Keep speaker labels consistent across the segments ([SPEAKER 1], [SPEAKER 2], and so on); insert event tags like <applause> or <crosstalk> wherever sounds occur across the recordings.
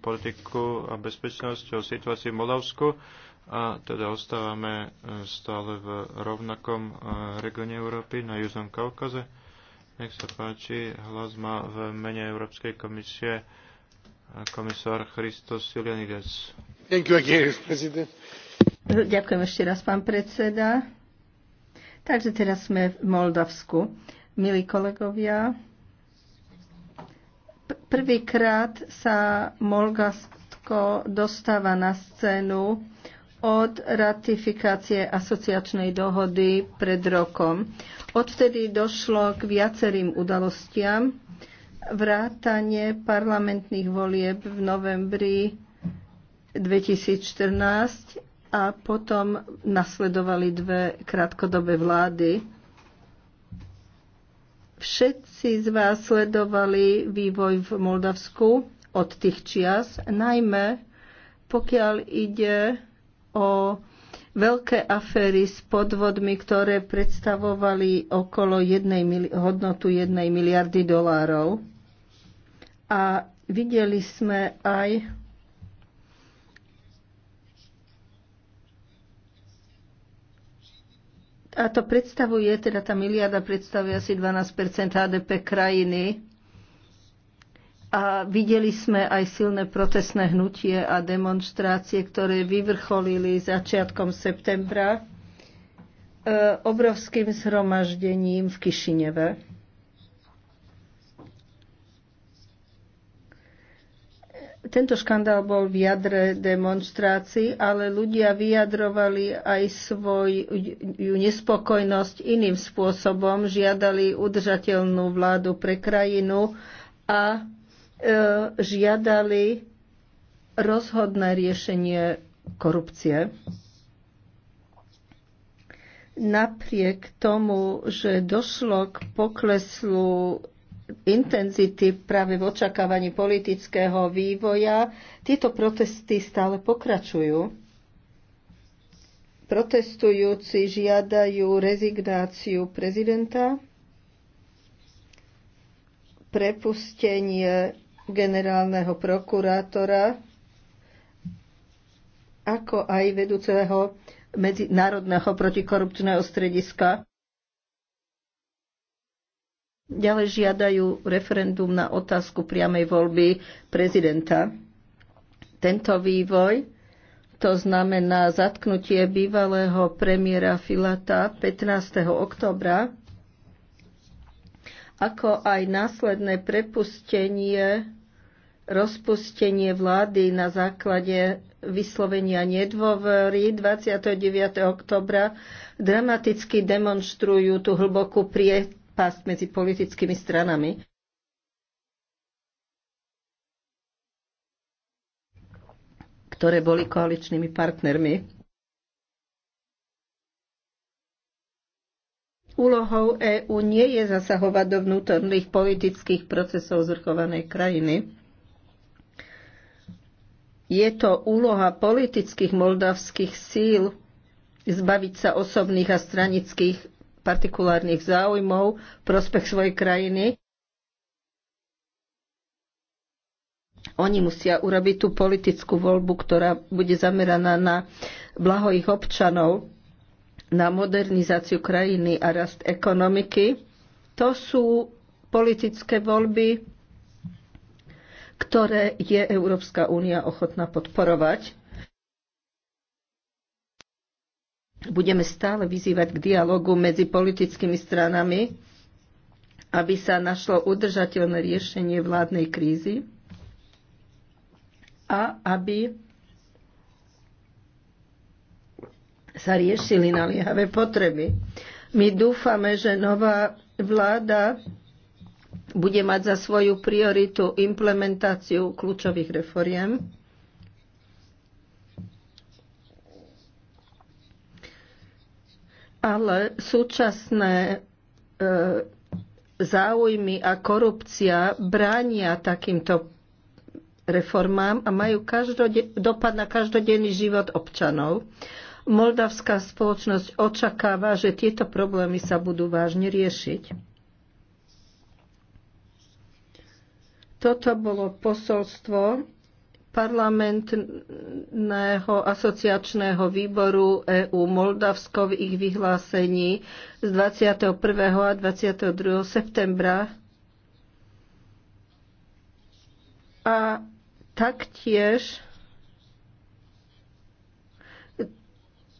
[SPEAKER 1] politiku a bezpečnosť o situácii v Moldavsku a teda ostávame e, stále v rovnakom e, regióne Európy na Južnom Kaukaze. Nech sa páči, hlas má v mene Európskej komisie e, komisár Christos Silianides.
[SPEAKER 2] Ďakujem ešte raz, pán predseda. Takže teraz sme v Moldavsku. Milí kolegovia, Prvýkrát sa Molgastko dostáva na scénu od ratifikácie asociačnej dohody pred rokom. Odvtedy došlo k viacerým udalostiam, vrátanie parlamentných volieb v novembri 2014 a potom nasledovali dve krátkodobé vlády. Všetci z vás sledovali vývoj v Moldavsku od tých čias, najmä pokiaľ ide o veľké aféry s podvodmi, ktoré predstavovali okolo jednej, hodnotu 1 miliardy dolárov. A videli sme aj A to predstavuje, teda tá miliarda predstavuje asi 12 HDP krajiny. A videli sme aj silné protestné hnutie a demonstrácie, ktoré vyvrcholili začiatkom septembra e, obrovským zhromaždením v Kišineve. Tento škandál bol v jadre demonstrácií, ale ľudia vyjadrovali aj svoju nespokojnosť iným spôsobom, žiadali udržateľnú vládu pre krajinu a e, žiadali rozhodné riešenie korupcie. Napriek tomu, že došlo k pokleslu intenzity práve v očakávaní politického vývoja, tieto protesty stále pokračujú. Protestujúci žiadajú rezignáciu prezidenta, prepustenie generálneho prokurátora, ako aj vedúceho medzinárodného protikorupčného strediska Ďalej žiadajú referendum na otázku priamej voľby prezidenta. Tento vývoj, to znamená zatknutie bývalého premiéra Filata 15. oktobra, ako aj následné prepustenie, rozpustenie vlády na základe vyslovenia nedôvery 29. oktobra dramaticky demonstrujú tú hlbokú prieť nápasť medzi politickými stranami. ktoré boli koaličnými partnermi. Úlohou EÚ nie je zasahovať do vnútorných politických procesov zvrchovanej krajiny. Je to úloha politických moldavských síl zbaviť sa osobných a stranických partikulárnych záujmov, prospech svojej krajiny. Oni musia urobiť tú politickú voľbu, ktorá bude zameraná na blaho ich občanov, na modernizáciu krajiny a rast ekonomiky. To sú politické voľby, ktoré je Európska únia ochotná podporovať. budeme stále vyzývať k dialogu medzi politickými stranami, aby sa našlo udržateľné riešenie vládnej krízy a aby sa riešili naliehavé potreby. My dúfame, že nová vláda bude mať za svoju prioritu implementáciu kľúčových reforiem Ale súčasné e, záujmy a korupcia bránia takýmto reformám a majú dopad na každodenný život občanov. Moldavská spoločnosť očakáva, že tieto problémy sa budú vážne riešiť. Toto bolo posolstvo parlamentného asociačného výboru EU Moldavsko v ich vyhlásení z 21. a 22. septembra a taktiež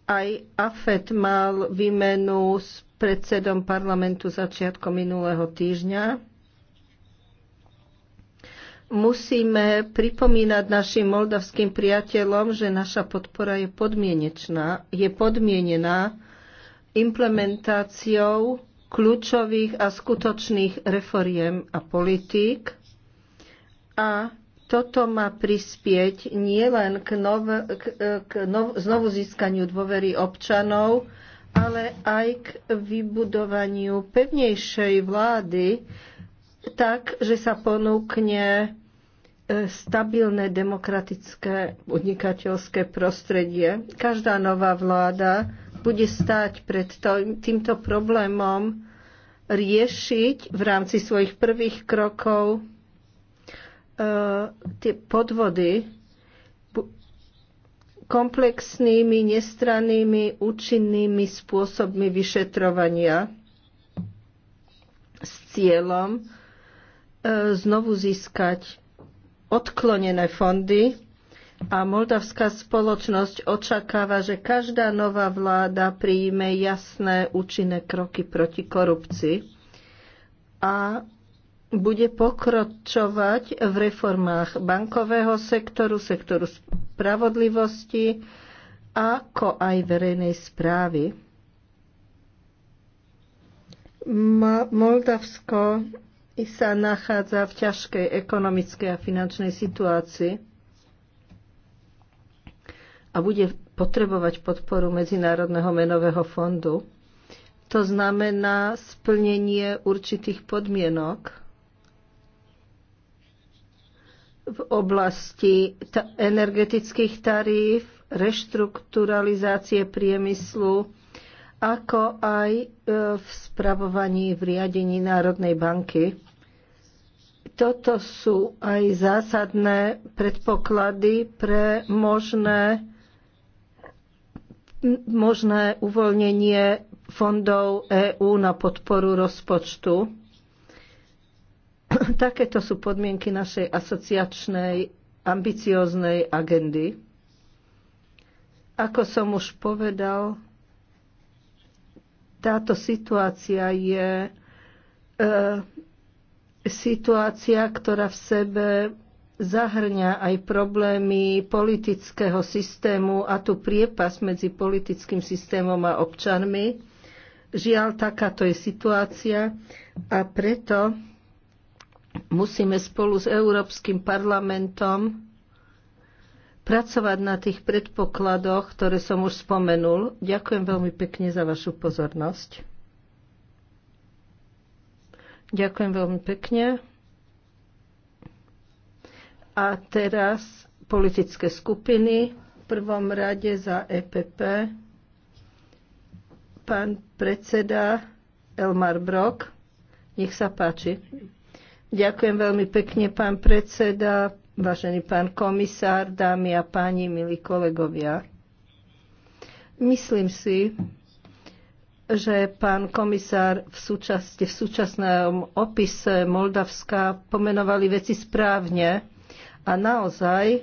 [SPEAKER 2] aj AFET mal výmenu s predsedom parlamentu začiatkom minulého týždňa. Musíme pripomínať našim moldavským priateľom, že naša podpora je podmienečná, je podmienená implementáciou kľúčových a skutočných reforiem a politík. A toto má prispieť nielen k, nov, k, k nov, znovu získaniu dôvery občanov, ale aj k vybudovaniu pevnejšej vlády, tak, že sa ponúkne e, stabilné demokratické podnikateľské prostredie. Každá nová vláda bude stáť pred týmto problémom riešiť v rámci svojich prvých krokov e, tie podvody komplexnými, nestrannými, účinnými spôsobmi vyšetrovania s cieľom E, znovu získať odklonené fondy a moldavská spoločnosť očakáva, že každá nová vláda príjme jasné účinné kroky proti korupcii a bude pokročovať v reformách bankového sektoru, sektoru spravodlivosti, ako aj verejnej správy. Moldavsko i sa nachádza v ťažkej ekonomickej a finančnej situácii a bude potrebovať podporu Medzinárodného menového fondu. To znamená splnenie určitých podmienok v oblasti energetických taríf, reštrukturalizácie priemyslu, ako aj e, v spravovaní v riadení Národnej banky toto sú aj zásadné predpoklady pre možné, možné uvoľnenie fondov EÚ na podporu rozpočtu. <clears throat> Takéto sú podmienky našej asociačnej ambicióznej agendy. Ako som už povedal, táto situácia je e, situácia, ktorá v sebe zahrňa aj problémy politického systému a tu priepas medzi politickým systémom a občanmi. Žiaľ, takáto je situácia a preto musíme spolu s Európskym parlamentom pracovať na tých predpokladoch, ktoré som už spomenul. Ďakujem veľmi pekne za vašu pozornosť. Ďakujem veľmi pekne. A teraz politické skupiny. V prvom rade za EPP pán predseda Elmar Brok. Nech sa páči. Ďakujem veľmi pekne, pán predseda, vážený pán komisár, dámy a páni, milí kolegovia. Myslím si, že pán komisár v, súčasne, v súčasnom opise Moldavska pomenovali veci správne a naozaj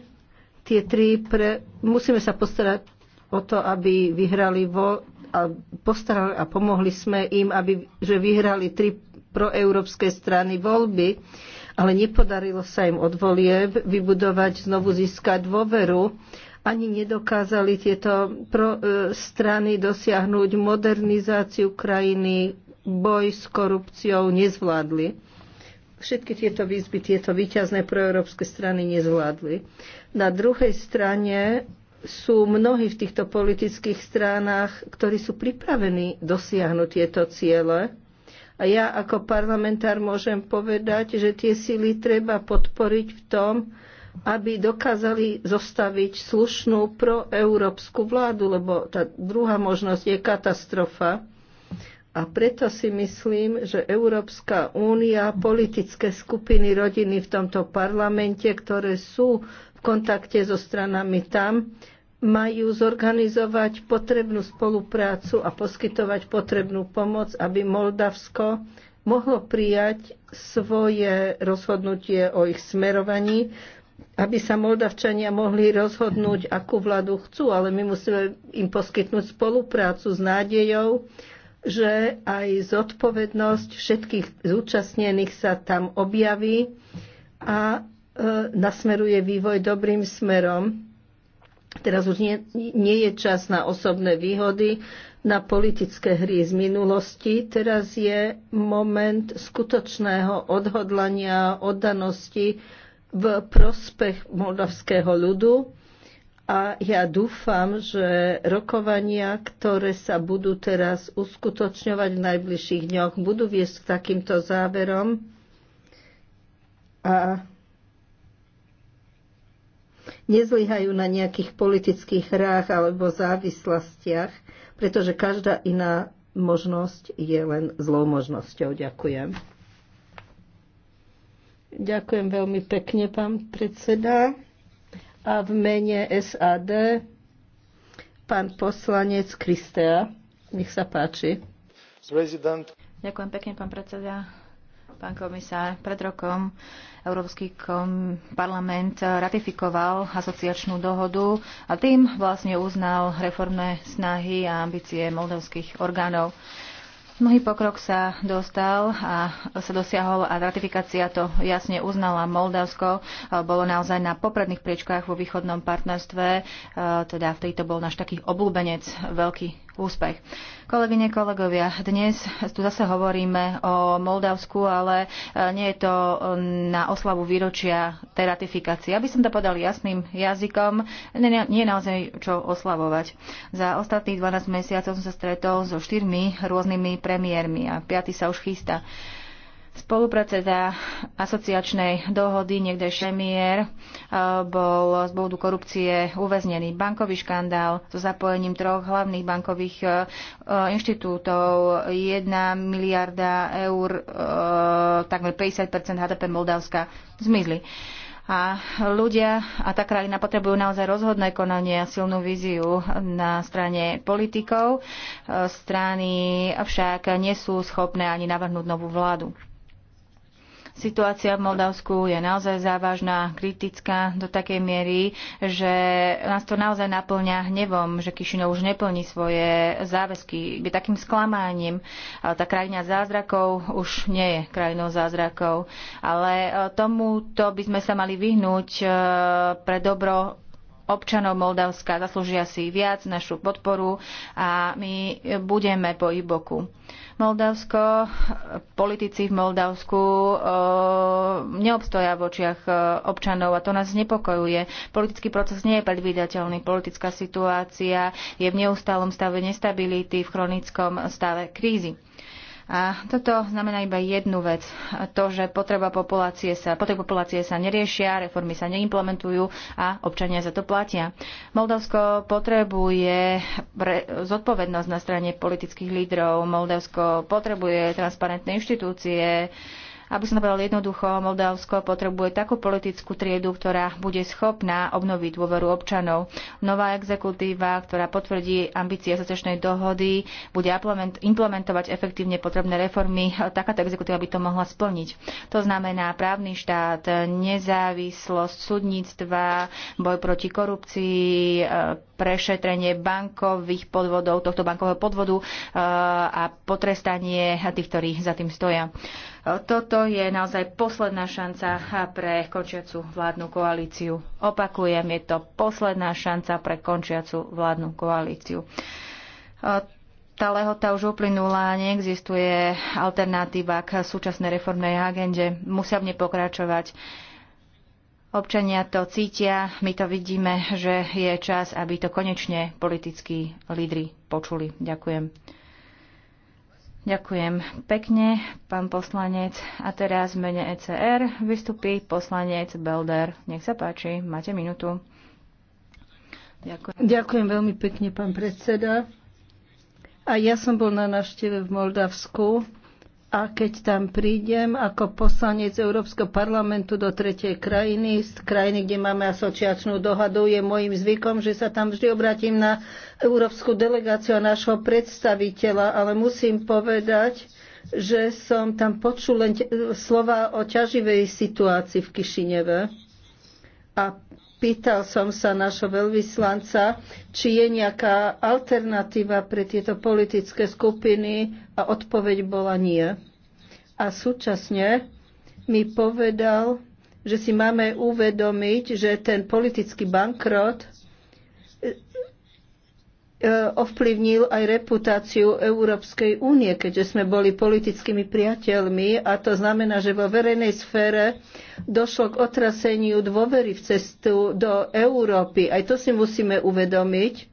[SPEAKER 2] tie tri pre, musíme sa postarať o to, aby vyhrali vo, a postarali a pomohli sme im, aby, že vyhrali tri proeurópske strany voľby, ale nepodarilo sa im odvolie vybudovať, znovu získať dôveru ani nedokázali tieto pro, e, strany dosiahnuť modernizáciu krajiny, boj s korupciou nezvládli. Všetky tieto výzby, tieto výťazné proeurópske strany nezvládli. Na druhej strane sú mnohí v týchto politických stranách, ktorí sú pripravení dosiahnuť tieto ciele. A ja ako parlamentár môžem povedať, že tie síly treba podporiť v tom, aby dokázali zostaviť slušnú proeurópsku vládu, lebo tá druhá možnosť je katastrofa. A preto si myslím, že Európska únia, politické skupiny rodiny v tomto parlamente, ktoré sú v kontakte so stranami tam, majú zorganizovať potrebnú spoluprácu a poskytovať potrebnú pomoc, aby Moldavsko mohlo prijať svoje rozhodnutie o ich smerovaní, aby sa Moldavčania mohli rozhodnúť, akú vládu chcú, ale my musíme im poskytnúť spoluprácu s nádejou, že aj zodpovednosť všetkých zúčastnených sa tam objaví a e, nasmeruje vývoj dobrým smerom. Teraz už nie, nie je čas na osobné výhody, na politické hry z minulosti. Teraz je moment skutočného odhodlania, oddanosti, v prospech moldavského ľudu a ja dúfam, že rokovania, ktoré sa budú teraz uskutočňovať v najbližších dňoch, budú viesť k takýmto záverom a nezlyhajú na nejakých politických hrách alebo závislostiach, pretože každá iná možnosť je len zlou možnosťou. Ďakujem. Ďakujem veľmi pekne, pán predseda. A v mene SAD pán poslanec Kristea. Nech sa páči. Ďakujem pekne, pán predseda.
[SPEAKER 3] Pán komisár, pred rokom Európsky parlament ratifikoval asociačnú dohodu a tým vlastne uznal reformné snahy a ambície moldovských orgánov. Mnohý pokrok sa dostal a sa dosiahol a ratifikácia to jasne uznala. Moldavsko eh, bolo naozaj na popredných priečkách vo východnom partnerstve, eh, teda vtedy to bol náš taký obľúbenec veľký úspech. Kolegyne, kolegovia, dnes tu zase hovoríme o Moldavsku, ale e, nie je to e, na oslavu výročia tej ratifikácie. Aby som to podal jasným jazykom, nie je naozaj čo oslavovať. Za ostatných 12 mesiacov som sa stretol so štyrmi rôznymi premiérmi a piaty sa už chystá. Spolupredseda asociačnej dohody, niekde šemier, eh, bol z bodu korupcie uväznený. Bankový škandál so zapojením troch hlavných bankových eh, eh, inštitútov, 1 miliarda eur, takmer 50 HDP Moldavska, zmizli. A ľudia a tá krajina potrebujú naozaj rozhodné konanie a silnú víziu na strane politikov. Strany však nie sú schopné ani navrhnúť novú vládu. Situácia v Moldavsku je naozaj závažná, kritická do takej miery, že nás to naozaj naplňa hnevom, že Kišinov už neplní svoje záväzky. Je takým sklamáním. Tá krajina zázrakov už nie je krajinou zázrakov. Ale e, tomuto by sme sa mali vyhnúť e, pre dobro občanov Moldavska zaslúžia si viac našu podporu a my budeme po ich boku. Moldavsko, politici v Moldavsku e, neobstoja v očiach e, občanov a to nás znepokojuje. Politický proces nie je predvídateľný, politická situácia je v neustálom stave nestability, v chronickom stave krízy. A toto znamená iba jednu vec. To, že potreba populácie sa, potreby populácie sa neriešia, reformy sa neimplementujú a občania za to platia. Moldavsko potrebuje zodpovednosť na strane politických lídrov. Moldavsko potrebuje transparentné inštitúcie, aby som to povedal jednoducho, Moldavsko potrebuje takú politickú triedu, ktorá bude schopná obnoviť dôveru občanov. Nová exekutíva, ktorá potvrdí ambície asociačnej dohody, bude implementovať efektívne potrebné reformy. Takáto exekutíva by to mohla splniť. To znamená právny štát, nezávislosť súdnictva, boj proti korupcii, prešetrenie bankových podvodov, tohto bankového podvodu a potrestanie tých, ktorí za tým stoja. Toto je naozaj posledná šanca pre končiacu vládnu koalíciu. Opakujem, je to posledná šanca pre končiacu vládnu koalíciu. Tá lehota už uplynula, neexistuje alternatíva k súčasnej reformnej agende. Musia v nej pokračovať. Občania to cítia, my to vidíme, že je čas, aby to konečne politickí lídry počuli. Ďakujem. Ďakujem pekne, pán poslanec. A teraz v mene ECR vystupí poslanec Belder. Nech sa páči, máte
[SPEAKER 2] minútu. Ďakujem. Ďakujem veľmi pekne, pán predseda. A ja som bol na návšteve v Moldavsku a keď tam prídem ako poslanec Európskeho parlamentu do tretej krajiny, z krajiny, kde máme asociačnú dohadu, je môjim zvykom, že sa tam vždy obratím na európsku delegáciu a nášho predstaviteľa, ale musím povedať, že som tam počul len slova o ťaživej situácii v Kišineve. A Pýtal som sa našho veľvyslanca, či je nejaká alternatíva pre tieto politické skupiny a odpoveď bola nie. A súčasne mi povedal, že si máme uvedomiť, že ten politický bankrot Eh, ovplyvnil aj reputáciu Európskej únie, keďže sme boli politickými priateľmi a to znamená, že vo verejnej sfére došlo k otraseniu dôvery v cestu do Európy. Aj to si musíme uvedomiť.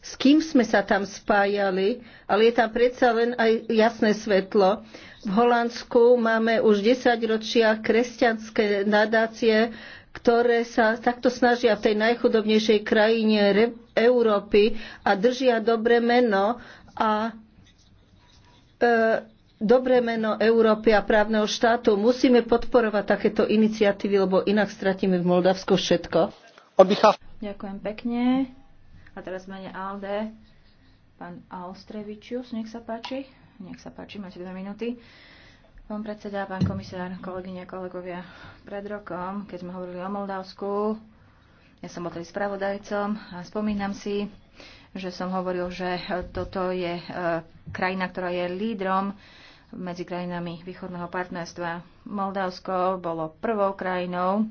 [SPEAKER 2] S kým sme sa tam spájali, ale je tam predsa len aj jasné svetlo. V Holandsku máme už 10 ročia kresťanské nadácie, ktoré sa takto snažia v tej najchudobnejšej krajine Európy a držia dobre meno a e, dobré meno Európy a právneho štátu. Musíme podporovať takéto iniciatívy, lebo inak stratíme v Moldavsku všetko. Ďakujem pekne.
[SPEAKER 3] A teraz mene Alde. Pán Austrevičius, nech sa páči. Nech sa páči, máte dve minúty. Uh, Pán predseda, pán komisár, kolegyne a kolegovia, pred rokom, keď sme hovorili o Moldavsku, ja som bol tedy spravodajcom a spomínam si, že som hovoril, že toto je e, krajina, ktorá je lídrom medzi krajinami východného partnerstva. Moldavsko bolo prvou krajinou,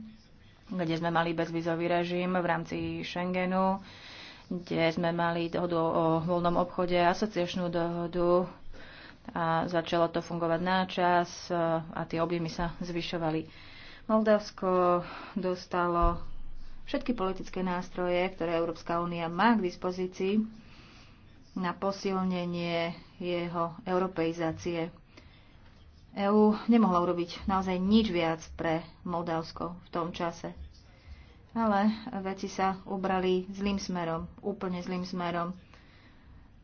[SPEAKER 3] kde sme mali bezvizový režim v rámci Schengenu, kde sme mali dohodu o voľnom obchode, asociačnú dohodu a začalo to fungovať na čas e, a tie objemy sa zvyšovali. Moldavsko dostalo všetky politické nástroje, ktoré Európska únia má k dispozícii na posilnenie jeho europeizácie. EÚ nemohla urobiť naozaj nič viac pre Moldavsko v tom čase. Ale veci sa ubrali zlým smerom, úplne zlým smerom.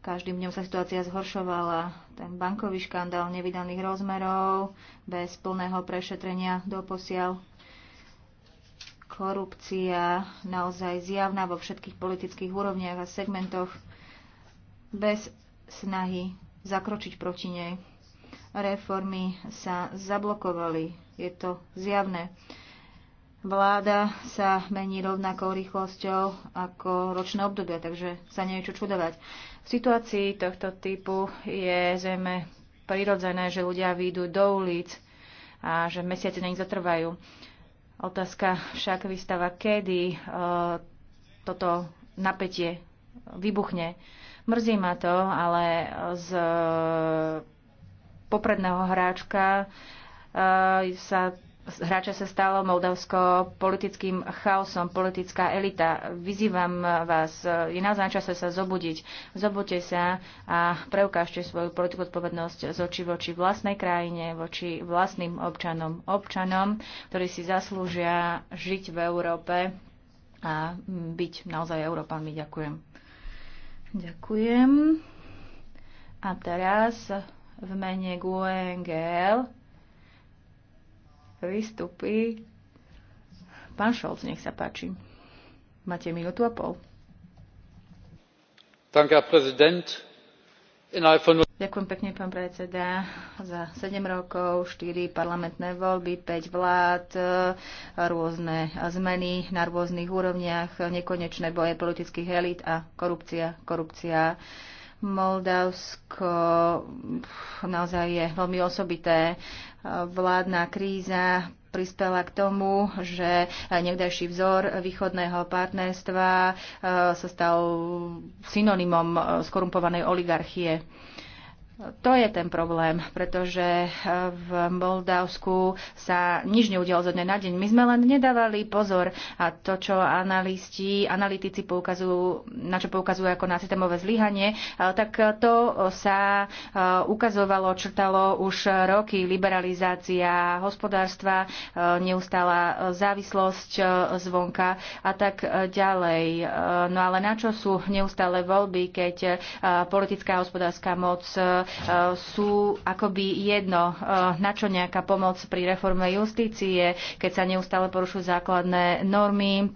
[SPEAKER 3] Každým dňom sa situácia zhoršovala. Ten bankový škandál nevydaných rozmerov, bez plného prešetrenia doposiaľ. Korupcia naozaj zjavná vo všetkých politických úrovniach a segmentoch, bez snahy zakročiť proti nej. Reformy sa zablokovali. Je to zjavné. Vláda sa mení rovnakou rýchlosťou ako ročné obdobie, takže sa nie je čo čudovať. V situácii tohto typu je zrejme prirodzené, že ľudia výjdu do ulic a že mesiace na nich zatrvajú. Otázka však vystáva, kedy e, toto napätie vybuchne. Mrzí ma to, ale z e, popredného hráčka e, sa hráča sa stalo Moldavsko politickým chaosom, politická elita. Vyzývam vás, je naozaj na čase sa zobudiť. Zobudte sa a preukážte svoju politickú odpovednosť z oči voči vlastnej krajine, voči vlastným občanom, občanom, ktorí si zaslúžia žiť v Európe a byť naozaj Európami. Ďakujem. Ďakujem. A teraz v mene GUNGL vystupí pán Šolc, nech sa páči. Máte minútu a pol. Ďakujem pekne, pán predseda. Za 7 rokov, 4 parlamentné voľby, 5 vlád, e, rôzne zmeny na rôznych úrovniach, nekonečné boje politických elít a korupcia, korupcia Moldavsko naozaj je veľmi osobité. Vládna kríza prispela k tomu, že niekdajší vzor východného partnerstva eh, sa stal synonymom eh, skorumpovanej oligarchie. To je ten problém, pretože eh, v Moldavsku sa nič neudialo zo dňa na deň. My sme len nedávali pozor a to, čo analisti, analytici poukazujú, na čo poukazujú ako na systémové zlyhanie, eh, tak to sa eh, ukazovalo, črtalo už roky liberalizácia hospodárstva, neustála závislosť zvonka a tak ďalej. No ale na čo sú neustále voľby, keď politická a hospodárska moc Eh, sú akoby jedno, eh, na čo nejaká pomoc pri reforme justície, keď sa neustále porušujú základné normy,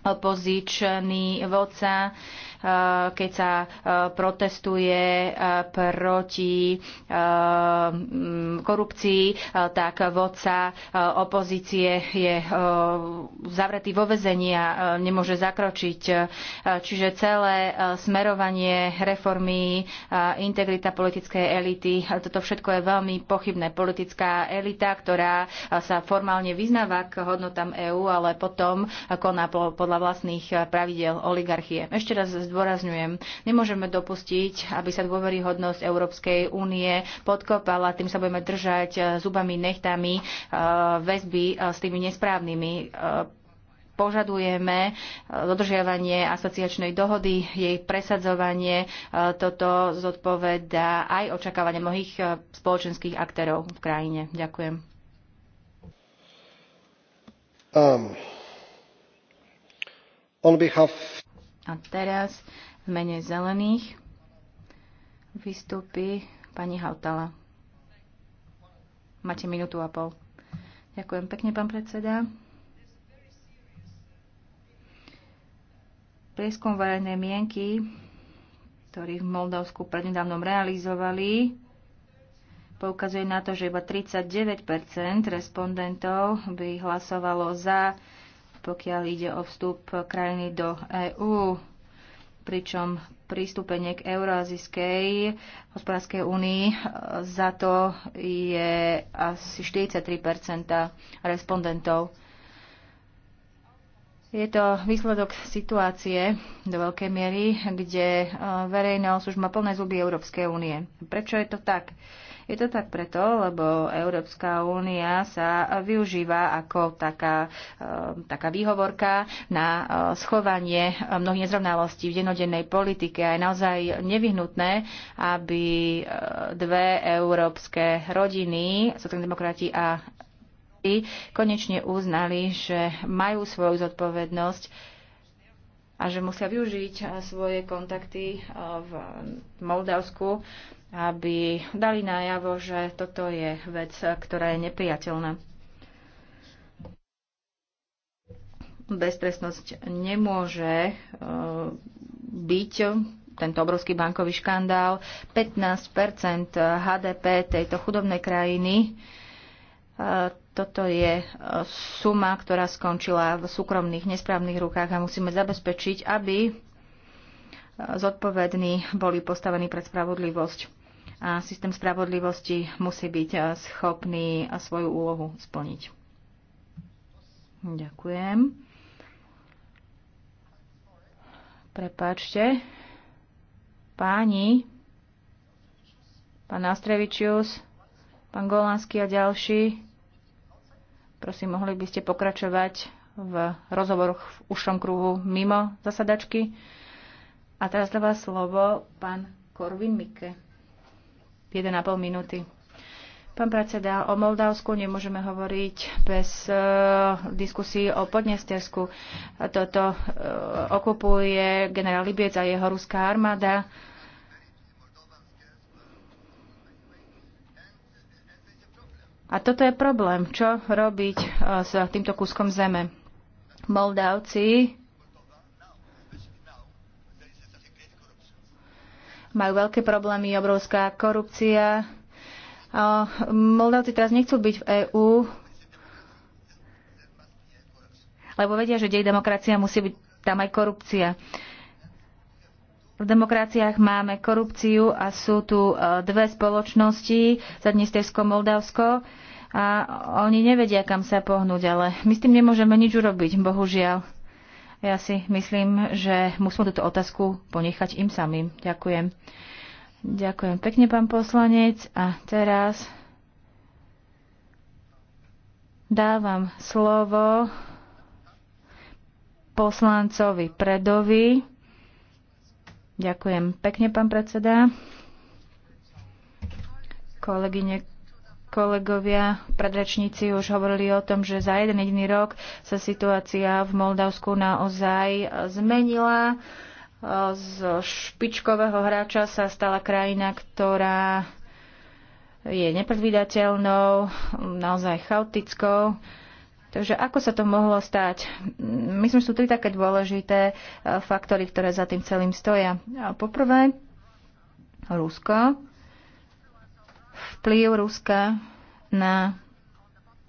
[SPEAKER 3] opozičný vodca Eh, keď sa eh, protestuje eh, proti korupcii, tak vodca opozície je zavretý vo vezení a nemôže zakročiť. Čiže celé smerovanie reformy, integrita politickej elity, toto všetko je veľmi pochybné. Politická elita, ktorá sa formálne vyznáva k hodnotám EÚ, ale potom koná podľa vlastných pravidel oligarchie. Ešte raz zdôrazňujem. Nemôžeme dopustiť, aby sa dôveryhodnosť Európskej únie podkopala, tým sa budeme držať eh, zubami, nechtami eh, väzby eh, s tými nesprávnymi požadujeme dodržiavanie asociačnej dohody, jej presadzovanie. Toto zodpoveda aj očakávanie mnohých spoločenských aktérov v krajine. Ďakujem.
[SPEAKER 1] Um, on behalf
[SPEAKER 3] a teraz v mene zelených vystúpi pani Hautala. Máte minútu a pol. Ďakujem pekne, pán predseda. Prieskum verejnej mienky, ktorý v Moldavsku prednedávnom realizovali, poukazuje na to, že iba 39 respondentov by hlasovalo za pokiaľ ide o vstup krajiny do EÚ, pričom pristúpenie k Eurázijskej hospodárskej únii e, za to je asi 43 respondentov. Je to výsledok situácie do veľkej miery, kde e, verejnosť už má plné zuby Európskej únie. Prečo je to tak? Je to tak preto, lebo Európska únia sa využíva ako taká, e, taká výhovorka na e, schovanie mnohých nezrovnalostí v denodennej politike. A je naozaj nevyhnutné, aby dve európske rodiny, sociálni demokrati a štáty konečne uznali, že majú svoju zodpovednosť a že musia využiť svoje kontakty v Moldavsku, aby dali najavo, že toto je vec, ktorá je nepriateľná. Beztrestnosť nemôže byť tento obrovský bankový škandál. 15 HDP tejto chudobnej krajiny toto je e, suma, ktorá skončila v súkromných nesprávnych rukách a musíme zabezpečiť, aby e, zodpovední boli postavení pred spravodlivosť. A systém spravodlivosti musí byť e, schopný svoju úlohu splniť. Ďakujem. Prepáčte. Páni, pán Astrevičius, pán Golánsky a ďalší, Prosím, mohli by ste pokračovať v rozhovoroch v ušom kruhu mimo zasadačky. A teraz dáva slovo pán Korvin Mike. 1,5 minúty. Pán predseda, o Moldavsku nemôžeme hovoriť bez uh, diskusí o Podnestersku. Toto uh, okupuje generál Libiec a jeho ruská armáda. Uh, A toto je problém. Čo robiť e, s týmto kúskom zeme? Moldavci majú veľké problémy, obrovská korupcia. Moldavci teraz nechcú byť v EÚ, lebo vedia, že dej demokracia musí byť tam aj korupcia. V demokraciách máme korupciu a sú tu e, dve spoločnosti, Zadnistersko, Moldavsko, a oni nevedia, kam sa pohnúť, ale my s tým nemôžeme nič urobiť, bohužiaľ. Ja si myslím, že musíme túto otázku ponechať im samým. Ďakujem. Ďakujem pekne, pán poslanec. A teraz dávam slovo poslancovi Predovi Ďakujem pekne, pán predseda. Kolegyne, kolegovia, predrečníci už hovorili o tom, že za jeden jediný rok sa situácia v Moldavsku naozaj zmenila. Z špičkového hráča sa stala krajina, ktorá je nepredvídateľnou, naozaj chaotickou. Takže ako sa to mohlo stať? Myslím, že sú tri také dôležité e, faktory, ktoré za tým celým stoja. Poprvé, Rusko, vplyv Ruska na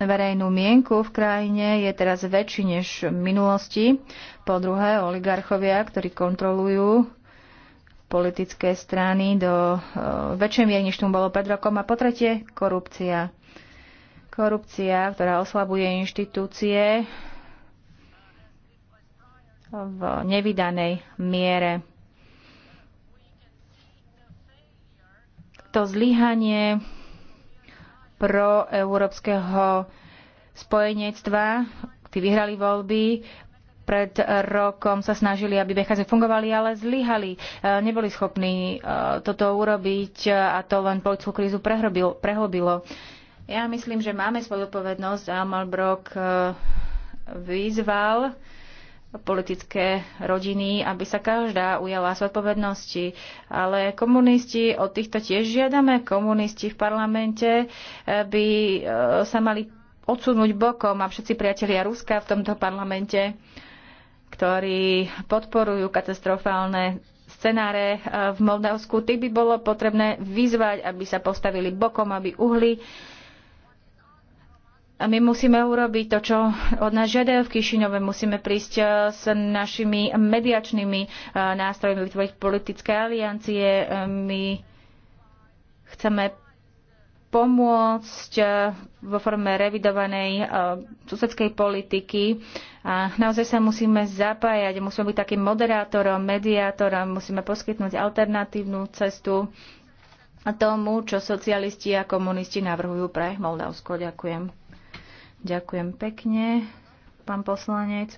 [SPEAKER 3] verejnú mienku v krajine je teraz väčší než v minulosti. Po druhé, oligarchovia, ktorí kontrolujú politické strany do e, väčšej miery, než tomu bolo pred rokom. A po tretie, korupcia. Korupcia, ktorá oslabuje inštitúcie v nevydanej miere. To zlyhanie proeurópskeho spojenectva, tí vyhrali voľby, pred rokom sa snažili, aby mechanizmy fungovali, ale zlyhali. E, neboli schopní e, toto urobiť a to len politickú krízu prehlbilo. Ja myslím, že máme svoju odpovednosť a Malbrok eh, vyzval politické rodiny, aby sa každá ujala zodpovednosti. Ale komunisti od týchto tiež žiadame. Komunisti v parlamente eh, by eh, sa mali odsunúť bokom a všetci priatelia Ruska v tomto parlamente, ktorí podporujú katastrofálne scenáre v Moldavsku, tých by bolo potrebné vyzvať, aby sa postavili bokom, aby uhli a my musíme urobiť to, čo od nás žiadajú v Kišinove. Musíme prísť eh, s našimi mediačnými eh, nástrojmi, vytvoriť politické aliancie. Eh, my chceme pomôcť vo forme revidovanej susedskej politiky. A naozaj sa musíme zapájať, musíme byť takým moderátorom, mediátorom, musíme poskytnúť alternatívnu cestu tomu, čo socialisti a komunisti navrhujú pre Moldavsko. Ďakujem. Ďakujem pekne, pán poslanec.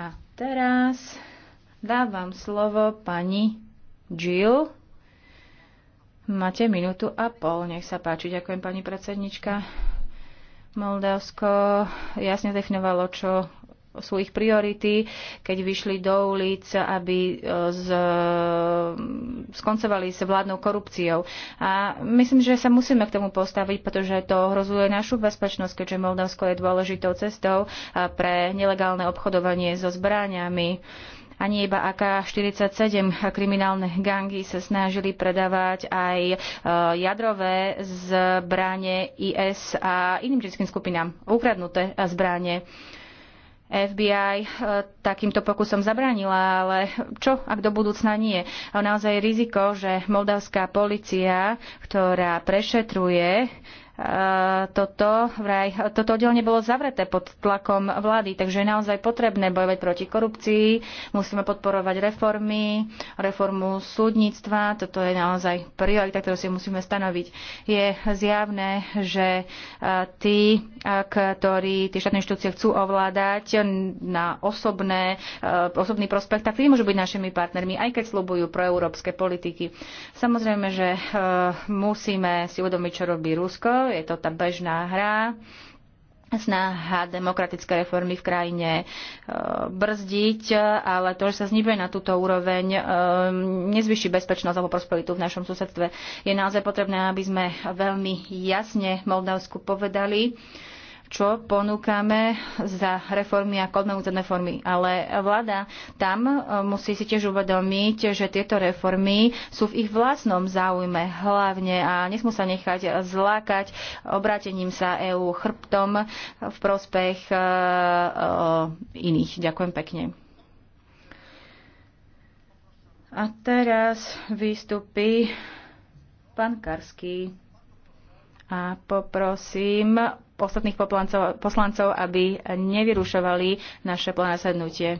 [SPEAKER 3] A teraz dávam slovo pani Jill. Máte minútu a pol, nech sa páči. Ďakujem, pani predsednička. Moldavsko jasne definovalo, čo sú ich priority, keď vyšli do ulic, aby e, z, skoncovali s vládnou korupciou. A myslím, že sa musíme k tomu postaviť, pretože to ohrozuje našu bezpečnosť, keďže Moldavsko je dôležitou cestou pre nelegálne obchodovanie so zbráňami. Ani iba AK-47 kriminálne gangy sa snažili predávať aj e, jadrové zbranie IS a iným českým skupinám, ukradnuté zbranie. FBI eh, takýmto pokusom zabranila, ale čo, ak do budúcna nie? Naozaj je riziko, že moldavská policia, ktorá prešetruje Eh, toto, vraj, toto oddelenie bolo zavreté pod tlakom vlády, takže je naozaj potrebné bojovať proti korupcii, musíme podporovať reformy, reformu súdnictva, toto je naozaj priorita, ktorú si musíme stanoviť. Je zjavné, že eh, tí, eh, ktorí tie štátne inštitúcie chcú ovládať na osobné, osobný prospekt, tak tí môžu byť našimi partnermi, aj keď slubujú proeurópske politiky. Samozrejme, že musíme si uvedomiť, čo robí Rusko, je to tá bežná hra, snaha demokratické reformy v krajine e, brzdiť, ale to, že sa znižuje na túto úroveň, e, nezvyši bezpečnosť alebo prosperitu v našom susedstve. Je naozaj potrebné, aby sme veľmi jasne Moldavsku povedali, e, čo ponúkame za reformy ako obnovúcené formy. Ale vláda tam e, musí si tiež uvedomiť, že tieto reformy sú v ich vlastnom záujme hlavne a nesmú sa nechať zlákať obrátením sa EÚ chrbtom v prospech e, e, iných. Ďakujem pekne. A teraz vystupí pán Karský a poprosím ostatných poplancov, poslancov, aby nevyrušovali naše plenárne sednutie.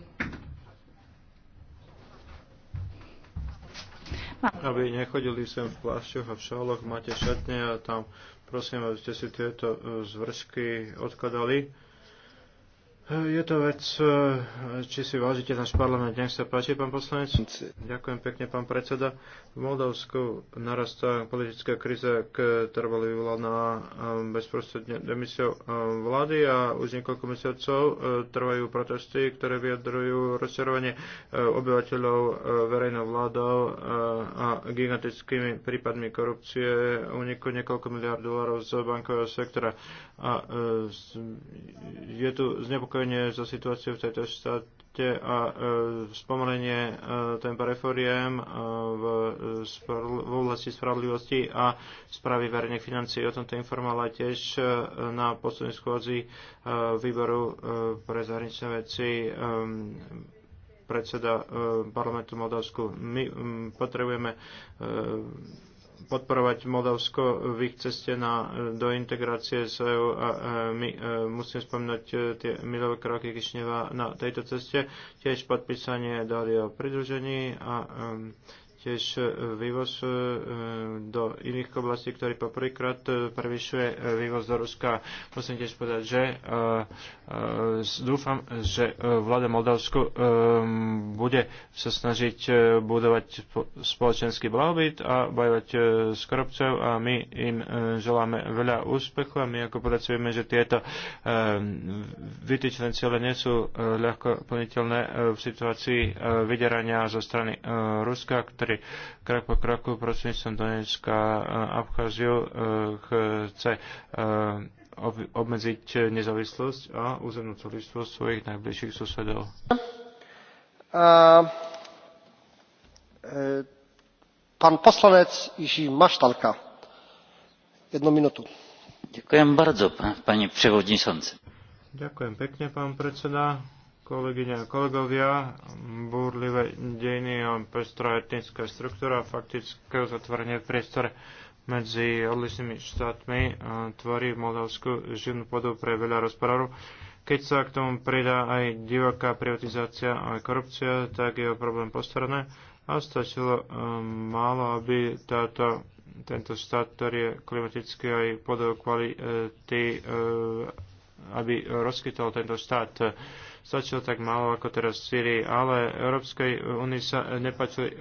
[SPEAKER 1] Aby nechodili sem v plášťoch a v šáloch, máte šatne a tam prosím, aby ste si tieto e, zvršky odkladali. Je to vec, eh, či si vážite náš parlament. Nech sa páči, pán poslanec. Ďakujem pekne, pán predseda. V Moldavsku narastá politická kríza, ktorá bola vyvolaná eh, bezprostredne demisiou eh, vlády a už niekoľko mesiacov trvajú protesty, ktoré vyjadrujú rozčarovanie obyvateľov verejnou vládou a gigantickými prípadmi korupcie, uniku niekoľko miliard dolárov z bankového sektora. A je tu znepokojenie spokojne za situáciu v tejto štáte a e, spomalenie e, tempa reforiem e, v, e, spor, v oblasti spravodlivosti a správy verejných financií. O tomto informovala tiež e, na poslednej schôdzi e, výboru e, pre zahraničné veci. E, predseda e, parlamentu Moldavsku. My potrebujeme e, podporovať Moldavsko v ich ceste na, e, do integrácie s EU a e, my e, musím spomínať tie milové kroky Kišneva na tejto ceste, tiež podpísanie dohody o pridružení a tiež e, vývoz e, do iných oblastí, ktorý poprvýkrát e, prevyšuje vývoz do Ruska. Musím tiež povedať, že dúfam, že vláda Moldavsku bude sa snažiť budovať spoločenský blahobyt a bojovať s korupciou a my im želáme veľa úspechu a my ako poradci vieme, že tieto vytýčené ciele nie sú ľahko plniteľné v situácii vydierania zo strany Ruska, ktorý ktorý krok po kroku prostredníctvom Donetska a Abcháziu e, chce e, obmedziť nezávislosť a územnú celistvosť svojich najbližších susedov. Uh, uh, pán poslanec Jiří Maštalka. Jednu minútu. Ďakujem bardzo, pani prevodní przewodniczący. Ďakujem pekne, pán predseda kolegyne a kolegovia, búrlivé dejiny a pestrá etnická štruktúra faktického zatvorenie v priestore medzi odlišnými štátmi e, tvorí v Moldavsku živnú podobu pre veľa rozporov. Keď sa k tomu pridá aj divoká privatizácia a korupcia, tak je o problém postarané a stačilo um, málo, aby táto, tento štát, ktorý je klimaticky aj podobu kvality, e, uh, aby rozkytol tento štát. Uh, stačilo tak málo ako teraz v Syrii, ale Európskej únii sa nepačili e,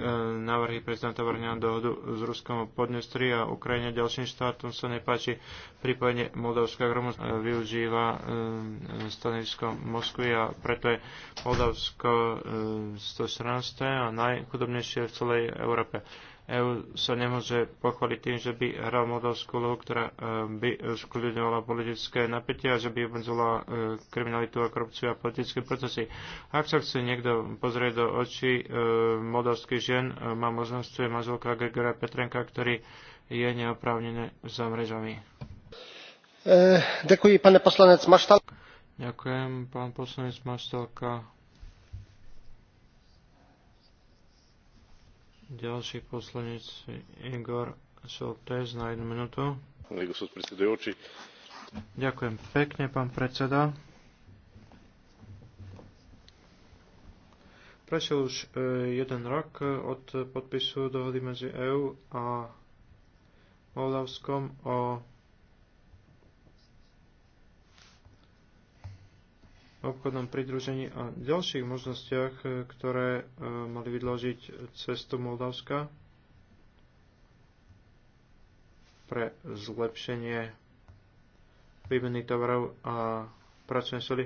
[SPEAKER 1] návrhy prezidenta Varňa dohodu s Ruskom o Podnestri a Ukrajine ďalším štátom sa nepáči prípadne Moldavská gromu využíva e, stanovisko Moskvy a preto je Moldavsko e, 114. a najchudobnejšie v celej Európe. EU sa nemôže pochváliť tým, že by hral modovskú lohu, ktorá e, by skľudňovala politické napätie a že by obmedzovala e, kriminalitu a korupciu a politické procesy. Ak sa chce niekto pozrieť do očí e, modovských žien, má možnosť, je manželka Gregora Petrenka, ktorý je neoprávnené za mrežami. E, ďakujem, pane poslanec Ďakujem, pán poslanec Maštalka. Ďalší poslanec Igor Soltes na jednu minútu. Ďakujem pekne, pán predseda. Prešiel už e, jeden rok od podpisu dohody medzi EÚ a Moldavskom o obchodnom pridružení a ďalších možnostiach, e, ktoré e, mali vydložiť cestu Moldavska pre zlepšenie výmeny tovarov a pracovnej sily.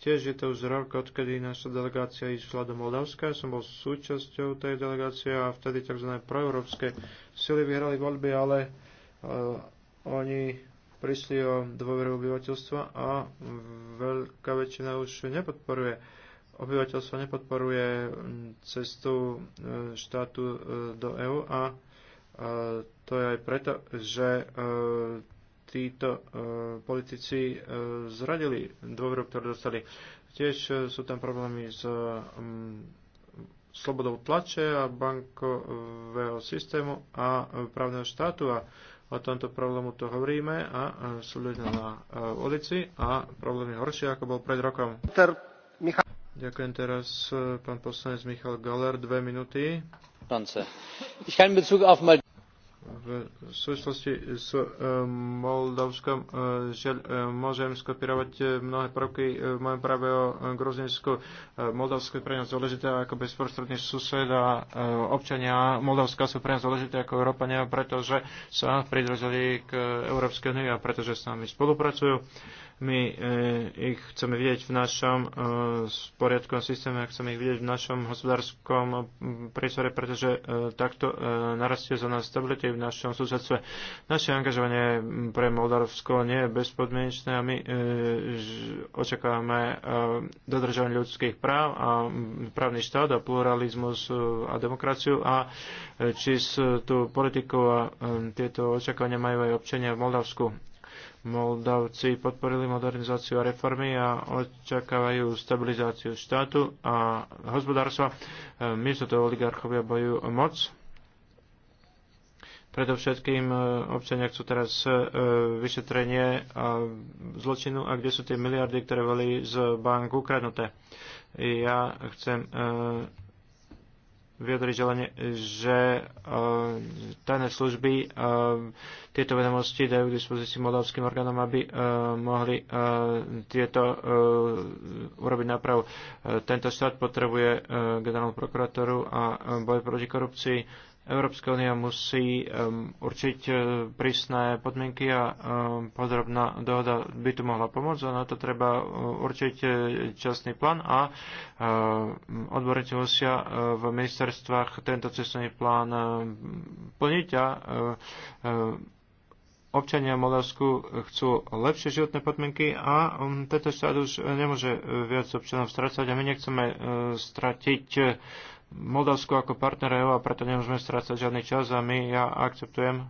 [SPEAKER 1] Tiež je to už rok, odkedy naša delegácia išla do Moldavska. Som bol súčasťou tej delegácie a vtedy tzv. proeurópske sily vyhrali voľby, ale uh, oni prišli o dôveru obyvateľstva a veľká väčšina už nepodporuje obyvateľstvo nepodporuje cestu e, štátu e, do EÚ a e, to je aj preto, že títo politici zradili dôveru, ktorú dostali. Tiež sú tam problémy s slobodou tlače a bankového systému a právneho štátu a o tomto problému tu hovoríme a sú ľudia na e, ulici a problém je horší, ako bol pred rokom. Ďakujem teraz e, pán poslanec Michal Galer, dve minúty. Ich kann Bezug auf mal v súvislosti s eh, Moldavskom, eh, že eh, môžem skopírovať mnohé prvky v mojom práve o Gruzinsku. Moldavsko je pre nás dôležité ako bezprostredný sused a občania Moldavska sú pre nás dôležité ako Európania, pretože sa pridružili k Európskej unii a pretože s nami spolupracujú my e, ich chceme vidieť v našom e, poriadkom systéme, chceme ich vidieť v našom hospodárskom priestore, pretože e, takto narastie nás stability v našom susedstve. Naše angažovanie pre Moldavsko nie je bezpodmienečné a my očakávame dodržovanie ľudských práv a právny štát a pluralizmus a demokraciu a či tú politiku a tieto očakávania majú aj občania v Moldavsku Moldavci podporili modernizáciu a reformy a očakávajú stabilizáciu štátu a hospodárstva. E, Miesto toho oligarchovia bojujú o moc. Predovšetkým e, občania chcú teraz e, vyšetrenie zločinu a kde sú tie miliardy, ktoré boli z bank ukradnuté. Ja chcem vyjadriť len, že uh, tajné služby uh, tieto vedomosti dajú k dispozícii moldavským orgánom, aby uh, mohli uh, tieto uh, urobiť napravu. Uh, tento štát potrebuje uh, generálnu prokuratúru a uh, boj proti korupcii. Uh, Európska únia musí um, určiť uh, prísne podmienky a um, podrobná dohoda by tu mohla pomôcť na to treba uh, určiť uh, časný plán a uh, odborníci musia uh, v ministerstvách tento cestný plán uh, plniť a uh, uh, občania Moldavsku chcú lepšie životné podmienky a tento štát už nemôže viac občanov strácať a my nechceme stratiť Moldavsko ako partner EU a preto nemôžeme strácať žiadny čas a my, ja akceptujem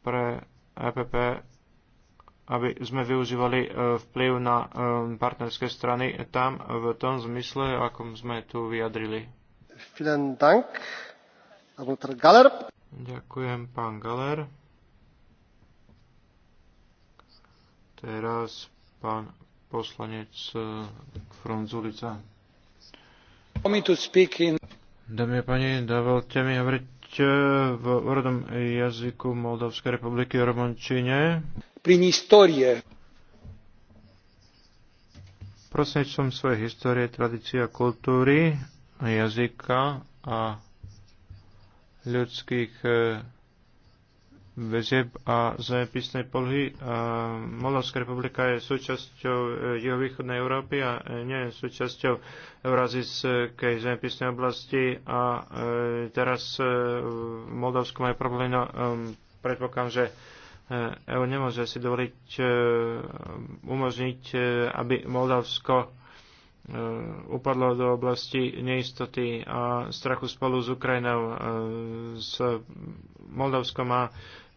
[SPEAKER 1] pre EPP, aby sme využívali e, vplyv na e, partnerské strany tam v tom zmysle, akom sme tu vyjadrili. Vielen Dank. Ďakujem, pán Galer. Teraz pán poslanec e, Fronzulica. Dámy a páni, dovolte mi hovoriť eh, v úrodom jazyku Moldavskej republiky v Romančine. Prin histórie. Prostredníctvom svojej histórie, tradície a kultúry, jazyka a ľudských eh, väžieb a zemepisnej polhy. Moldavská republika je súčasťou e, juhovýchodnej Európy a e, nie je súčasťou Eurázijskej zemepisnej oblasti a e, teraz v Moldavsku majú problém, no predpokladám, že EU nemôže si dovoliť umožniť, aby Moldavsko upadlo do oblasti neistoty a strachu spolu s Ukrajinou. S Moldavskom má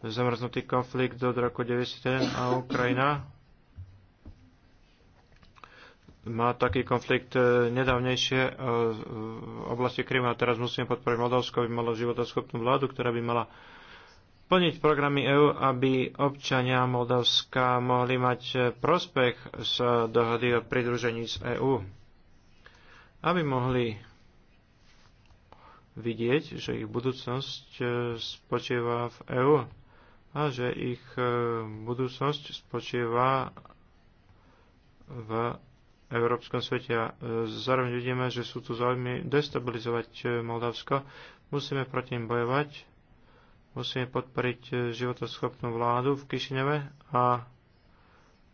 [SPEAKER 1] zamrznutý konflikt od roku 1991 a Ukrajina má taký konflikt e, nedávnejšie e, v oblasti Krymu a teraz musíme podporiť Moldavsko, aby mala životoschopnú vládu, ktorá by mala plniť programy EÚ, aby občania Moldavska mohli mať e, prospech z dohody o pridružení z EÚ. Aby mohli vidieť, že ich budúcnosť spočíva v EÚ a že ich e, budúcnosť spočíva v európskom svete. E, zároveň vidíme, že sú tu záujmy destabilizovať e, Moldavsko. Musíme proti im bojovať, musíme podporiť životoschopnú vládu v Kišineve a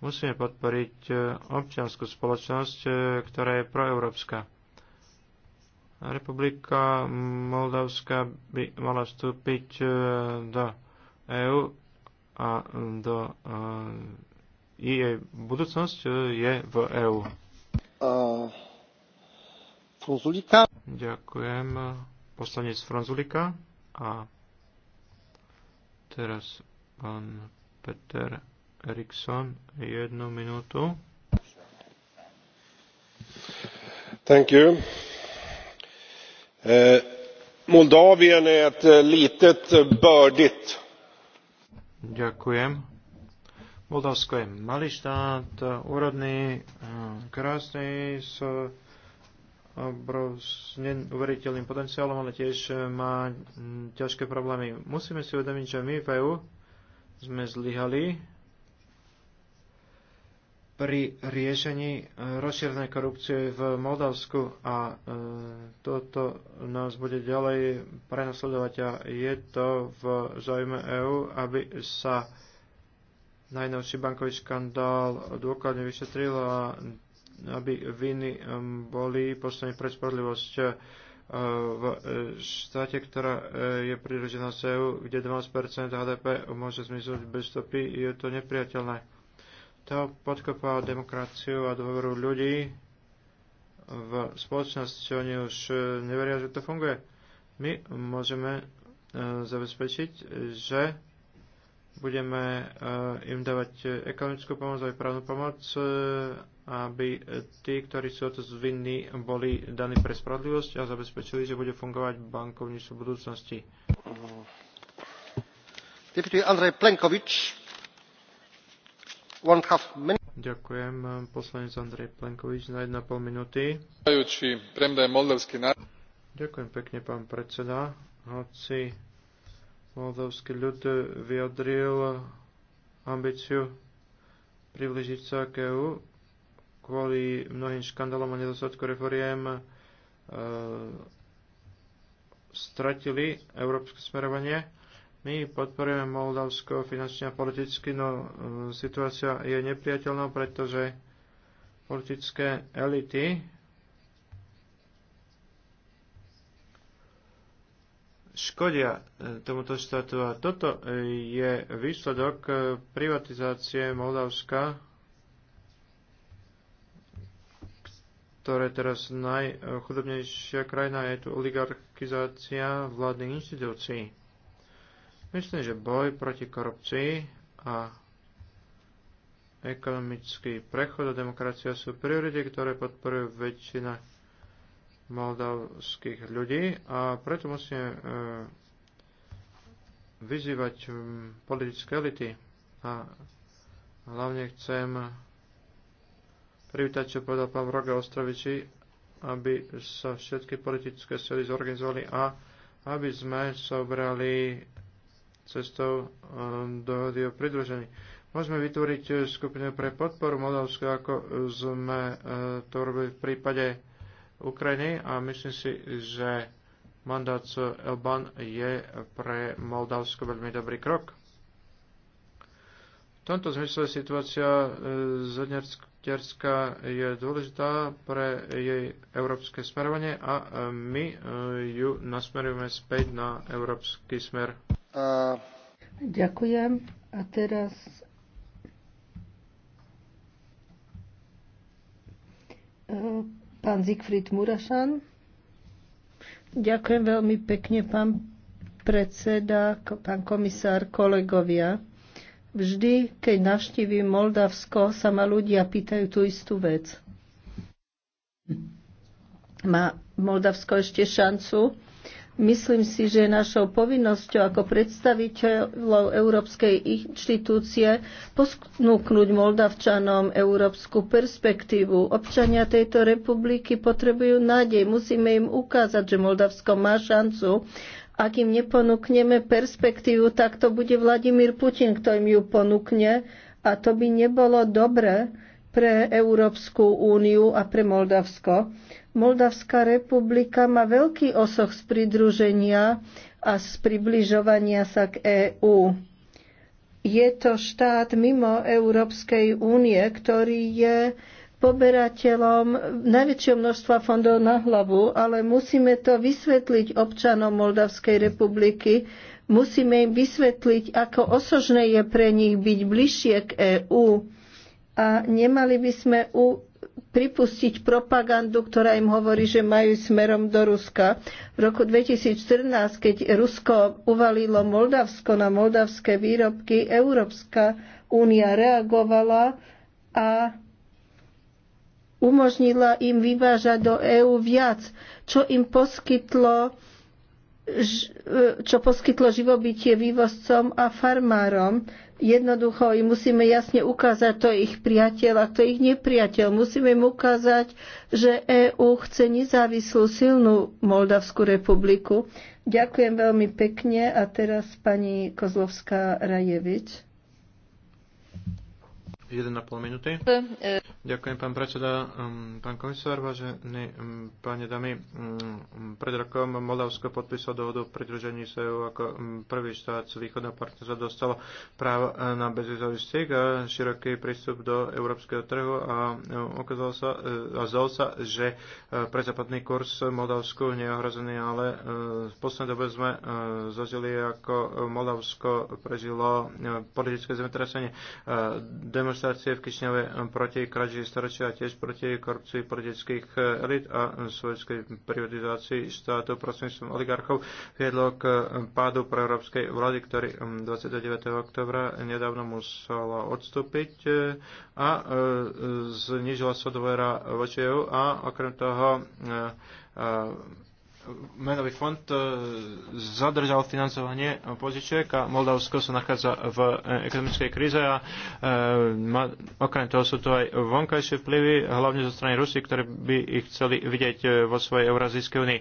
[SPEAKER 1] musíme podporiť občianskú spoločnosť, ktorá je proeurópska. Republika Moldavska by mala vstúpiť do EU a do e, i jej budúcnosť e, je v EU. Uh, Frunzulika. Ďakujem. Poslanec Frunzulika a teraz pán Peter Eriksson jednu minútu. Thank you. Eh, Moldavien är ett litet, bördigt Ďakujem. Moldavsko je malý štát, úrodný, e, krásny, s neuveriteľným potenciálom, ale tiež má ťažké problémy. Musíme si uvedomiť, že my v EU sme zlyhali pri riešení e, rozšírenej korupcie v Moldavsku a e, toto nás bude ďalej prenasledovať a je to v záujme EÚ, aby sa najnovší bankový škandál dôkladne vyšetril a aby viny e, boli poslední pred spravodlivosť v štáte, ktorá je pridružená z EU, kde 12% HDP môže zmiznúť bez stopy, je to nepriateľné to podkopalo demokraciu a dôveru ľudí v spoločnosti. Oni už e, neveria, že to funguje. My môžeme e, zabezpečiť, že budeme e, im dávať ekonomickú pomoc aj právnu pomoc, aby tí, ktorí sú to zvinní, boli daní pre spravodlivosť a zabezpečili, že bude fungovať bankovníctvo v budúcnosti. Deputy Andrej Plenkovič. Ďakujem, eh, poslanec Andrej Plenkovič na 1,5 minúty. Ďakujem pekne, pán predseda. Hoci moldovský ľud vyjadril ambíciu približiť sa k EU kvôli mnohým škandalom a nedostatku reforiem e, stratili európske smerovanie my podporujeme Moldavsko finančne a politicky, no e, situácia je nepriateľná, pretože politické elity škodia e, tomuto štátu. A toto e, je výsledok privatizácie Moldavska, ktoré teraz najchudobnejšia krajina je tu oligarchizácia vládnych inštitúcií. Myslím, že boj proti korupcii a ekonomický prechod a demokracia sú priority, ktoré podporujú väčšina moldavských ľudí a preto musíme e, vyzývať m, politické elity a hlavne chcem privítať, čo povedal pán Roga Ostroviči, aby sa všetky politické sily zorganizovali a aby sme sobrali cestou ehm, dohody o pridružení. Môžeme vytvoriť eh, skupinu pre podporu Moldavska, ako eh, sme eh, to robili v prípade Ukrajiny a myslím si, že mandát Elban je pre Moldavsko veľmi dobrý krok. V tomto zmysle situácia Zednerska je dôležitá pre jej európske smerovanie a my ju nasmerujeme späť na európsky smer.
[SPEAKER 2] Ďakujem. A teraz e, pán Zigfried Murašan. Ďakujem veľmi pekne, pán predseda, pán komisár, kolegovia. Vždy, keď navštívim Moldavsko, sa ma ľudia pýtajú tú istú vec. Má Moldavsko ešte šancu? Myslím si, že našou povinnosťou ako predstaviteľov Európskej inštitúcie posnúknuť Moldavčanom európsku perspektívu. Občania tejto republiky potrebujú nádej. Musíme im ukázať, že Moldavsko má šancu. Ak im neponúkneme perspektívu, tak to bude Vladimír Putin, kto im ju ponúkne. A to by nebolo dobré pre Európsku úniu a pre Moldavsko. Moldavská republika má veľký osoch z pridruženia a z približovania sa k EÚ. Je to štát mimo Európskej únie, ktorý je poberateľom najväčšieho množstva fondov na hlavu, ale musíme to vysvetliť občanom Moldavskej republiky, musíme im vysvetliť, ako osožné je pre nich byť bližšie k EÚ a nemali by sme u, pripustiť propagandu, ktorá im hovorí, že majú smerom do Ruska. V roku 2014, keď Rusko uvalilo Moldavsko na moldavské výrobky, Európska únia reagovala a umožnila im vyvážať do EÚ viac, čo im poskytlo čo poskytlo živobytie vývozcom a farmárom. Jednoducho im musíme jasne ukázať, to je ich priateľ a to je ich nepriateľ. Musíme im ukázať, že EÚ chce nezávislú, silnú Moldavskú republiku. Ďakujem veľmi pekne a teraz pani Kozlovská Rajevič.
[SPEAKER 1] 1,5 minúty. Ďakujem, pán predseda. Um, pán komisár, vážení um, páni dami, um, pred rokom Moldavsko podpísal dohodu o pridružení sa EU ako prvý štát z východného partnerstva dostalo právo e, na bezvizový styk a široký prístup do európskeho trhu a e, ukázalo sa, e, a zdalo sa, že prezapadný kurz v Moldavsku nie je ohrozený, ale v poslednej dobe sme zažili, ako Moldavsko prežilo politické zemetrasenie. Demonstr- demonstrácie v Kišňave proti kraži storočia a tiež proti korupcii politických elit a sovietskej privatizácii štátu prostredníctvom oligarchov viedlo k pádu pre európskej vlády, ktorý 29. Mm, oktobra nedávno musela odstúpiť e, a e, znižila sa dôvera voči EU a okrem toho e, menový fond e, zadržal financovanie požičiek a Moldavsko sa nachádza v e, ekonomickej kríze a e, okrem toho sú tu aj vonkajšie vplyvy, hlavne zo strany Rusy, ktoré by ich chceli vidieť vo svojej Eurázijskej únii.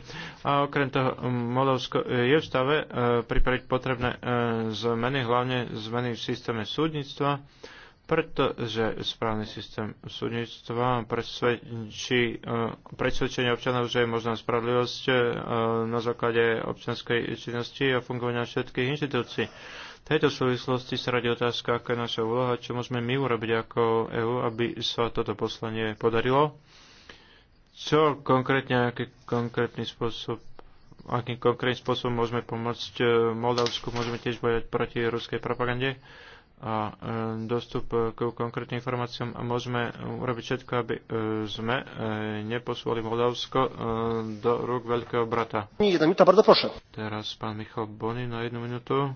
[SPEAKER 1] A okrem toho Moldavsko je v stave pripraviť potrebné zmeny, hlavne zmeny v systéme súdnictva pretože správny systém súdnictva presvedčí, eh, presvedčenie občanov, že je možná spravodlivosť eh, na základe občianskej činnosti a fungovania všetkých inštitúcií. V tejto súvislosti sa radí otázka, aká je naša úloha, čo môžeme my urobiť ako EÚ, aby sa toto poslanie podarilo. Čo konkrétne, aký konkrétny spôsob akým konkrétnym spôsobom môžeme pomôcť eh, Moldavsku, môžeme tiež bojať proti ruskej propagande. Uh, a e, dostup k konkrétnym informáciám a môžeme urobiť všetko, aby e, sme e, neposúvali Moldavsko do rúk veľkého brata. Teraz pán Michal Bony na jednu minútu.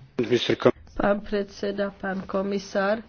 [SPEAKER 2] Pán predseda, pán komisár,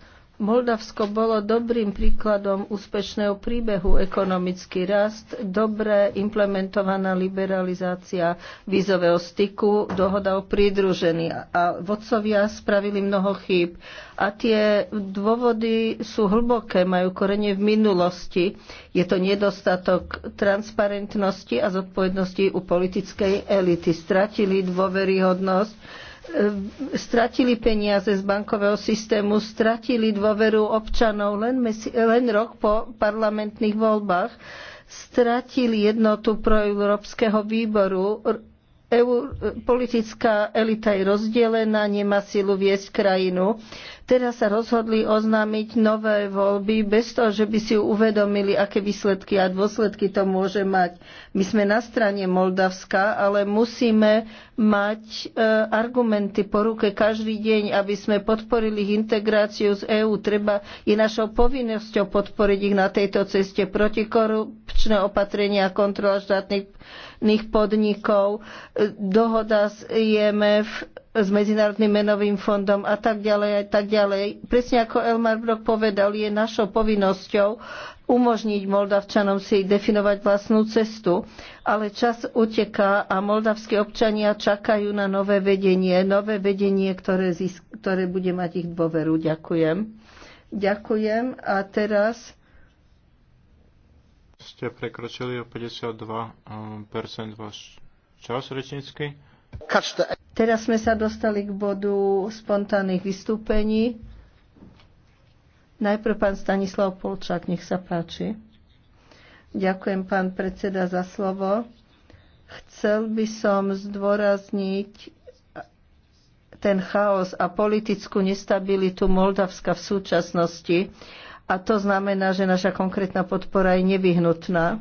[SPEAKER 2] Moldavsko bolo dobrým príkladom úspešného príbehu ekonomický rast, dobre implementovaná liberalizácia vízového styku, dohoda o pridružení a vodcovia spravili mnoho chýb. A tie dôvody sú hlboké, majú korene v minulosti. Je to nedostatok transparentnosti a zodpovednosti u politickej elity. Stratili dôveryhodnosť Ehm, stratili peniaze z bankového systému, stratili dôveru občanov len, mesi- len rok po parlamentných voľbách, stratili jednotu proeurópskeho výboru, EU, politická elita je rozdelená, nemá silu viesť krajinu. Teraz sa rozhodli oznámiť nové voľby bez toho, že by si uvedomili, aké výsledky a dôsledky to môže mať. My sme na strane Moldavska, ale musíme mať e, argumenty po ruke každý deň, aby sme podporili ich integráciu z EÚ. Treba je našou povinnosťou podporiť ich na tejto ceste protikorupčné opatrenia a kontrola štátnych štátnych podnikov, e, dohoda s IMF, s Medzinárodným menovým fondom a tak ďalej a tak ďalej. Presne ako Elmar Brok povedal, je našou povinnosťou umožniť Moldavčanom si definovať vlastnú cestu. Ale čas uteká a moldavskí občania čakajú na nové vedenie, nové vedenie, ktoré, ktoré bude mať ich dôveru. Ďakujem. Ďakujem a teraz
[SPEAKER 1] ste prekročili o 52% váš čas rečnícky.
[SPEAKER 2] Teraz sme sa dostali k bodu spontánnych vystúpení. Najprv pán Stanislav Polčák, nech sa páči. Ďakujem, pán predseda, za slovo. Chcel by som zdôrazniť ten chaos a politickú nestabilitu Moldavska v súčasnosti a to znamená, že naša konkrétna podpora je nevyhnutná.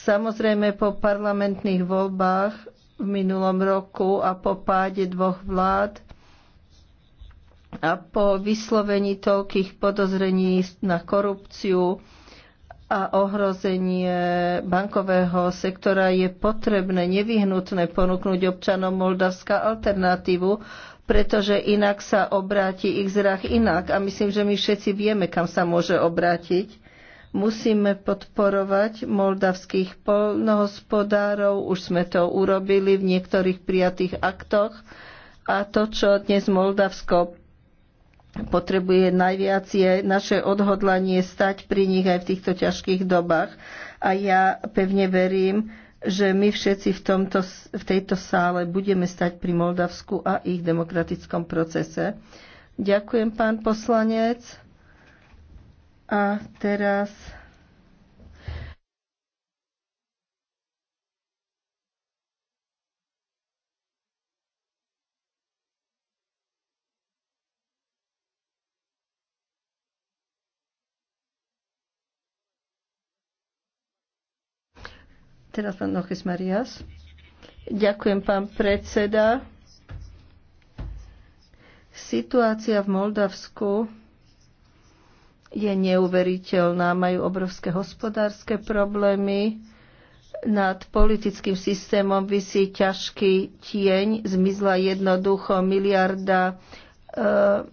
[SPEAKER 2] Samozrejme po parlamentných voľbách v minulom roku a po páde dvoch vlád a po vyslovení toľkých podozrení na korupciu a ohrozenie bankového sektora je potrebné, nevyhnutné ponúknuť občanom Moldavska alternatívu, pretože inak sa obráti ich zrach inak. A myslím, že my všetci vieme, kam sa môže obrátiť. Musíme podporovať moldavských polnohospodárov, už sme to urobili v niektorých prijatých aktoch. A to, čo dnes Moldavsko potrebuje najviac, je naše odhodlanie stať pri nich aj v týchto ťažkých dobách. A ja pevne verím, že my všetci v, tomto, v tejto sále budeme stať pri Moldavsku a ich demokratickom procese. Ďakujem, pán poslanec. A teraz Teraz pán Nochis Marias. Ďakujem, pán predseda. Situácia v Moldavsku je neuveriteľná. Majú obrovské hospodárske problémy. Nad politickým systémom vysí ťažký tieň. Zmizla jednoducho miliarda eh,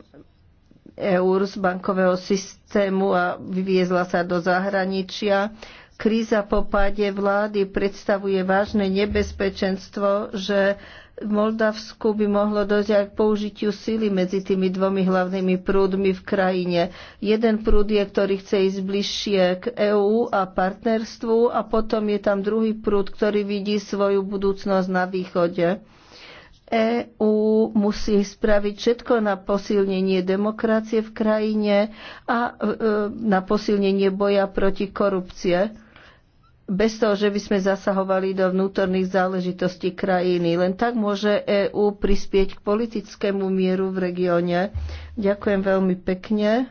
[SPEAKER 2] eur z bankového systému a vyviezla sa do zahraničia. Kríza po páde vlády predstavuje vážne nebezpečenstvo, že v Moldavsku by mohlo dojsť aj k použitiu síly medzi tými dvomi hlavnými prúdmi v krajine. Jeden prúd je, ktorý chce ísť bližšie k EÚ a partnerstvu a potom je tam druhý prúd, ktorý vidí svoju budúcnosť na východe. EÚ musí spraviť všetko na posilnenie demokracie v krajine a e, na posilnenie boja proti korupcie bez toho, že by sme zasahovali do vnútorných záležitostí krajiny. Len tak môže EÚ prispieť k politickému mieru v regióne. Ďakujem veľmi pekne.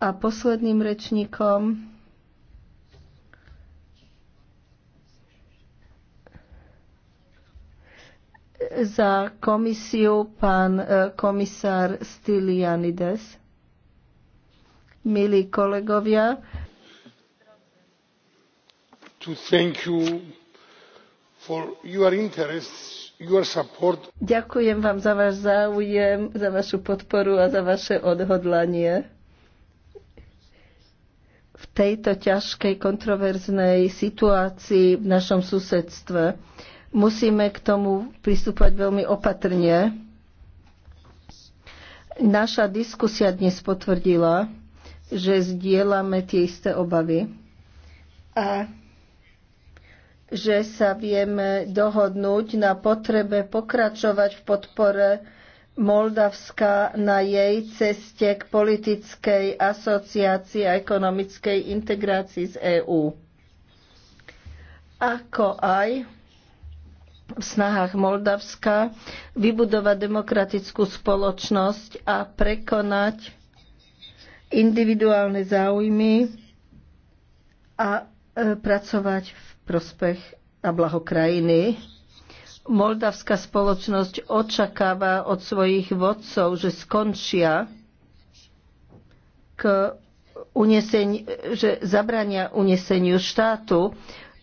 [SPEAKER 2] A posledným rečníkom za komisiu pán e, komisár Stylianides. Milí kolegovia, Ďakujem vám za váš záujem, za vašu podporu a za vaše odhodlanie. V tejto ťažkej, kontroverznej situácii v našom susedstve musíme k tomu pristúpať veľmi opatrne. Naša diskusia dnes potvrdila, že zdieľame tie isté obavy. A že sa vieme dohodnúť na potrebe pokračovať v podpore Moldavska na jej ceste k politickej asociácii a ekonomickej integrácii z EÚ. Ako aj v snahách Moldavska vybudovať demokratickú spoločnosť a prekonať individuálne záujmy a e, pracovať v prospech a blaho krajiny. Moldavská spoločnosť očakáva od svojich vodcov, že skončia k uneseň, že zabrania uneseniu štátu,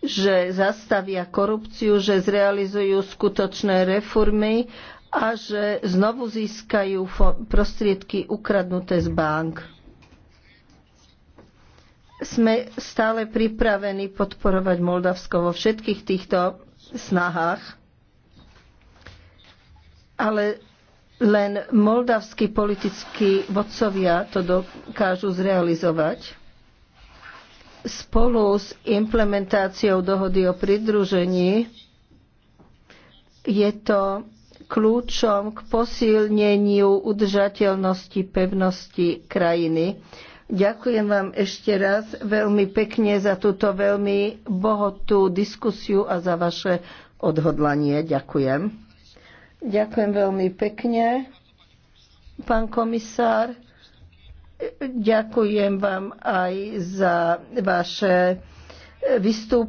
[SPEAKER 2] že zastavia korupciu, že zrealizujú skutočné reformy a že znovu získajú prostriedky ukradnuté z bank sme stále pripravení podporovať Moldavsko vo všetkých týchto snahách, ale len moldavskí politickí vodcovia to dokážu zrealizovať. Spolu s implementáciou dohody o pridružení je to kľúčom k posilneniu udržateľnosti pevnosti krajiny Ďakujem vám ešte raz veľmi pekne za túto veľmi bohotú diskusiu a za vaše odhodlanie. Ďakujem. Ďakujem veľmi pekne, pán komisár. Ďakujem vám aj za vaše vystúpenie.